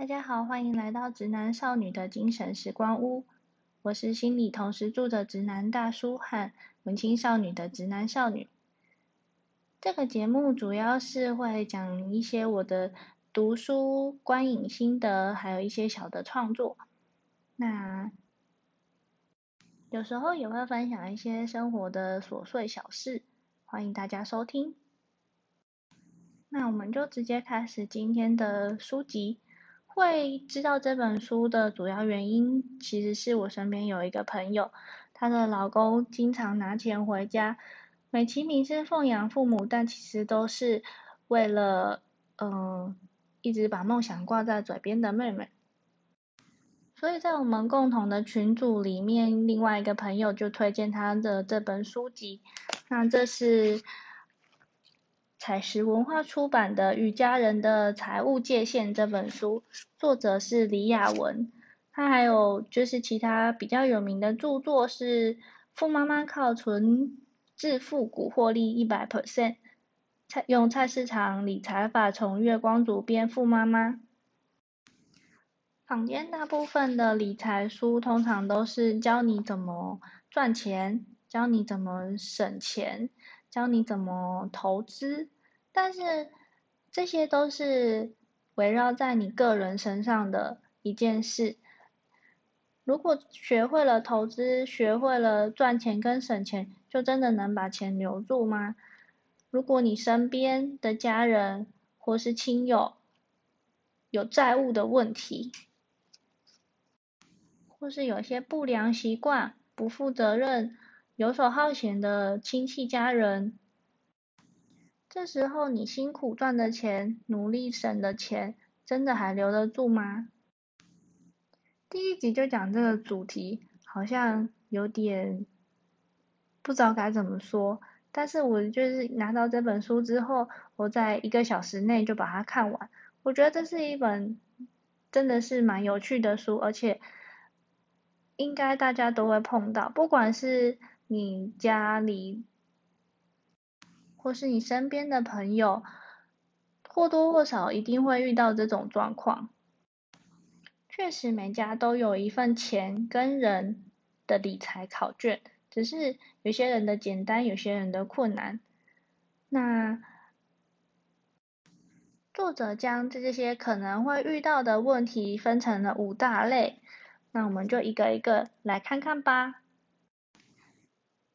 大家好，歡迎來到直男少女的精神時光屋。我是心裡同時住着直男大叔和文青少女的直男少女。這個節目主要是會講一些我的讀書、觀影心得，還有一些小的創作。那有時候也會分享一些生活的瑣碎小事，歡迎大家收聽。那我們就直接開始今天的書籍。會知道這本書的主要原因，其實是我身邊有一個朋友，她的老公經常拿錢回家，美其名是奉養父母，但其實都是為了嗯、呃，一直把夢想掛在嘴邊的妹妹。所以在我們共同的群組裡面，另外一個朋友就推薦她的這本書籍，那這是。采實文化出版的《與家人的財務界線》這本書，作者是李雅文。他還有就是其他比較有名的著作是《富媽媽靠存致富股獲利一百 percent》，用菜市場理財法從月光族變富媽媽。坊間大部分的理財書通常都是教你怎麼賺錢，教你怎麼省錢，教你怎麼投資，但是這些都是圍繞在你個人身上的一件事。如果學會了投資，學會了賺錢跟省錢，就真的能把錢留住嗎？如果你身邊的家人或是親友有債務的問題，或是有些不良習慣、不負責任，遊手好閒的親戚家人，這時候你辛苦賺的錢，努力省的錢，真的還留得住嗎？第一集就講這個主題，好像有點不知道該怎麼說。但是我就是拿到這本書之後，我在一個小時內就把它看完。我覺得這是一本真的是蠻有趣的書，而且應該大家都會碰到，不管是。你家裡或是你身邊的朋友，或多或少一定會遇到這種狀況。確實，每家都有一份錢跟人的理財考卷，只是有些人的簡單，有些人的困難。那作者將這些可能會遇到的問題分成了五大類，那我們就一個一個來看看吧。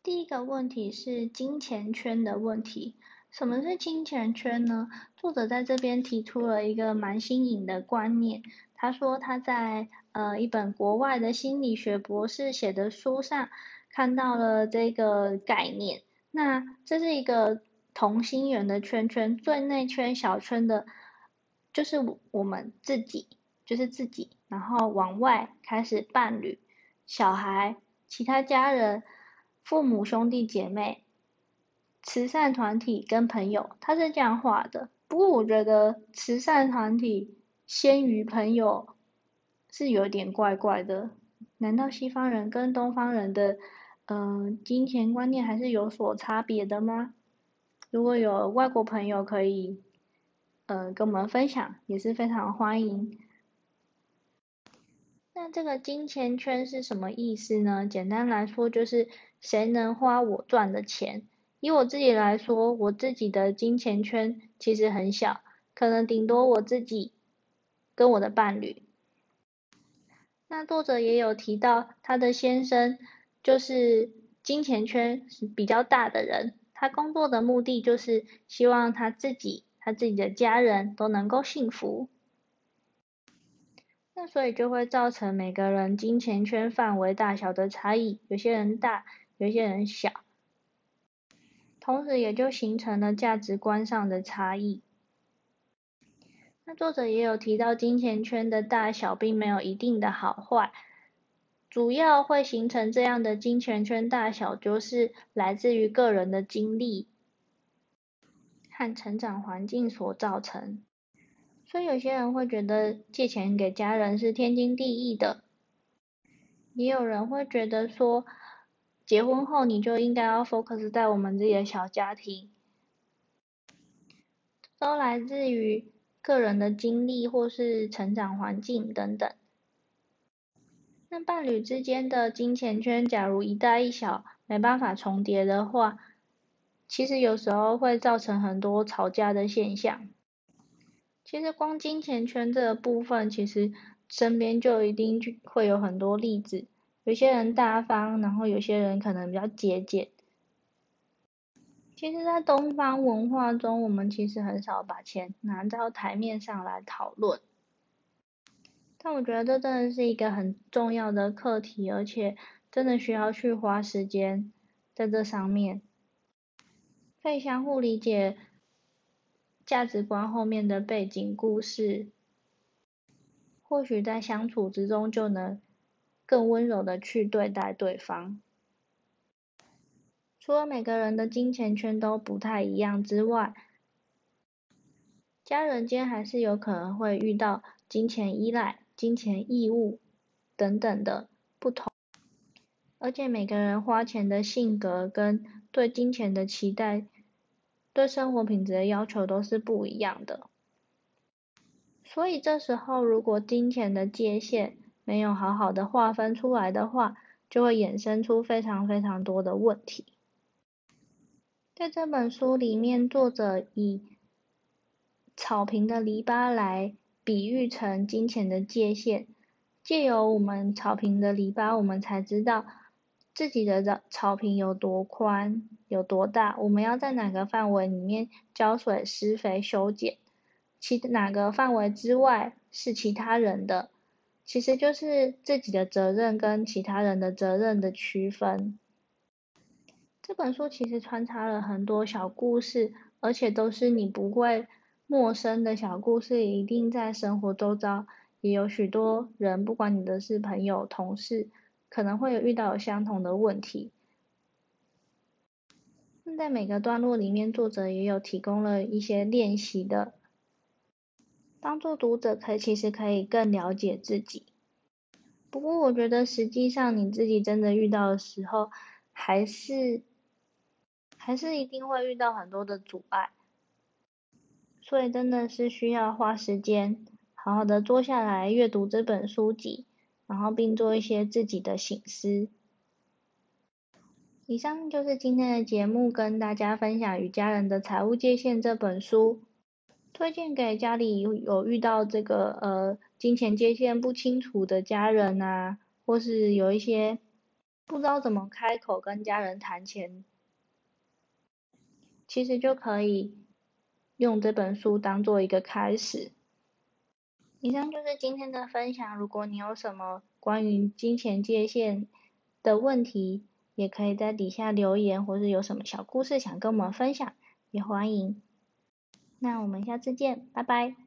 第一個問題是金錢圈的問題。什麼是金錢圈呢？作者在這邊提出了一個蠻新穎的觀念。他說他在呃一本國外的心理學博士寫的書上看到了這個概念。那這是一個同心圓的圈圈，最內圈小圈的，就是我們自己，就是自己，然後往外開始伴侶、小孩、其他家人。父母、兄弟、姐妹、慈善團體跟朋友，他是這樣畫的。不過我覺得慈善團體先於朋友是有點怪怪的。難道西方人跟東方人的嗯、呃、金錢觀念還是有所差別的嗎？如果有外國朋友可以嗯、呃、跟我們分享，也是非常歡迎。那這個金錢圈是什麼意思呢？簡單來說，就是誰能花我賺的錢。以我自己來說，我自己的金錢圈其實很小，可能頂多我自己跟我的伴侶。那作者也有提到，他的先生就是金錢圈是比較大的人，他工作的目的就是希望他自己、他自己的家人都能夠幸福。那所以就會造成每個人金錢圈範圍大小的差異，有些人大，有些人小，同時也就形成了價值觀上的差異。那作者也有提到，金錢圈的大小並沒有一定的好壞，主要會形成這樣的金錢圈大小，就是來自於個人的經歷和成長環境所造成。所以有些人會覺得借錢給家人是天經地義的，也有人會覺得說，結婚後你就應該要 focus 在我們自己的小家庭。都來自於個人的經歷或是成長環境等等。那伴侶之間的金錢圈，假如一大一小，沒辦法重疊的話，其實有時候會造成很多吵架的現象。其實光金錢圈這個部分，其實身邊就一定會有很多例子。有些人大方，然後有些人可能比較節儉。其實，在東方文化中，我們其實很少把錢拿到台面上來討論。但我覺得這真的是一個很重要的課題，而且真的需要去花時間在這上面，可以相互理解。價值觀後面的背景故事，或許在相處之中就能更溫柔地去對待對方。除了每個人的金錢圈都不太一樣之外，家人間還是有可能會遇到金錢依賴、金錢義務等等的不同，而且每個人花錢的性格跟對金錢的期待。對生活品質的要求都是不一樣的，所以這時候如果金錢的界限沒有好好的劃分出來的話，就會衍生出非常非常多的問題。在這本書裡面，作者以草坪的籬笆來比喻成金錢的界限，借由我們草坪的籬笆，我們才知道。自己的草坪有多寬有多大？我們要在哪個範圍裡面澆水、施肥、修剪？其哪個範圍之外是其他人的？其實就是自己的責任跟其他人的責任的區分。這本書其實穿插了很多小故事，而且都是你不會陌生的小故事，一定在生活周遭，也有許多人，不管你的，是朋友、同事，可能會有遇到相同的問題。那在每個段落裡面，作者也有提供了一些練習的，當做讀者可以其實可以更了解自己。不過我覺得實際上你自己真的遇到的時候，還是還是一定會遇到很多的阻礙，所以真的是需要花時間，好好的坐下來閱讀這本書籍。然後並做一些自己的省思。以上就是今天的節目，跟大家分享《與家人的財務界限》這本書，推薦給家裡有遇到這個呃金錢界限不清楚的家人吶、啊，或是有一些不知道怎麼開口跟家人談錢，其實就可以用這本書當做一個開始。以上就是今天的分享。如果你有什麼關於金錢界限的問題，也可以在底下留言，或者有什麼小故事想跟我們分享，也歡迎。那我們下次見，拜拜。